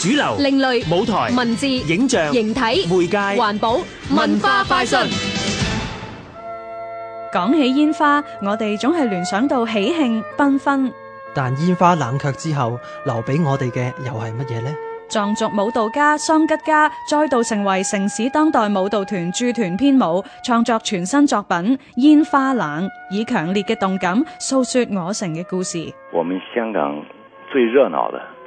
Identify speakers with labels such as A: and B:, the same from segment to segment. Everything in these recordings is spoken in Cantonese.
A: 主流、另類舞台、文字、影像、形體、媒介、環保、文化快訊。講起煙花，我哋總係聯想到喜慶繽紛，
B: 但煙花冷卻之後，留俾我哋嘅又係乜嘢呢？
A: 藏族舞蹈家桑吉加再度成為城市當代舞蹈團駐團編舞，創作全新作品《煙花冷》，以強烈嘅動感訴說我城嘅故事。
C: 我們香港最熱鬧的。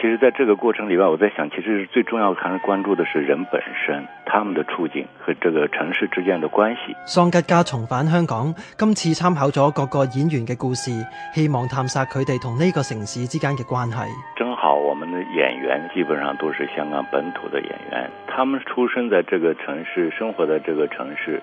C: 其實，在這個過程裏邊，我在想，其實最重要還是關注的是人本身，他們的處境和這個城市之間的關係。
B: 桑吉加重返香港，今次參考咗各個演員嘅故事，希望探索佢哋同呢個城市之間嘅關係。
C: 正好，我們的演員基本上都是香港本土的演員，他們出生在這個城市，生活在這個城市。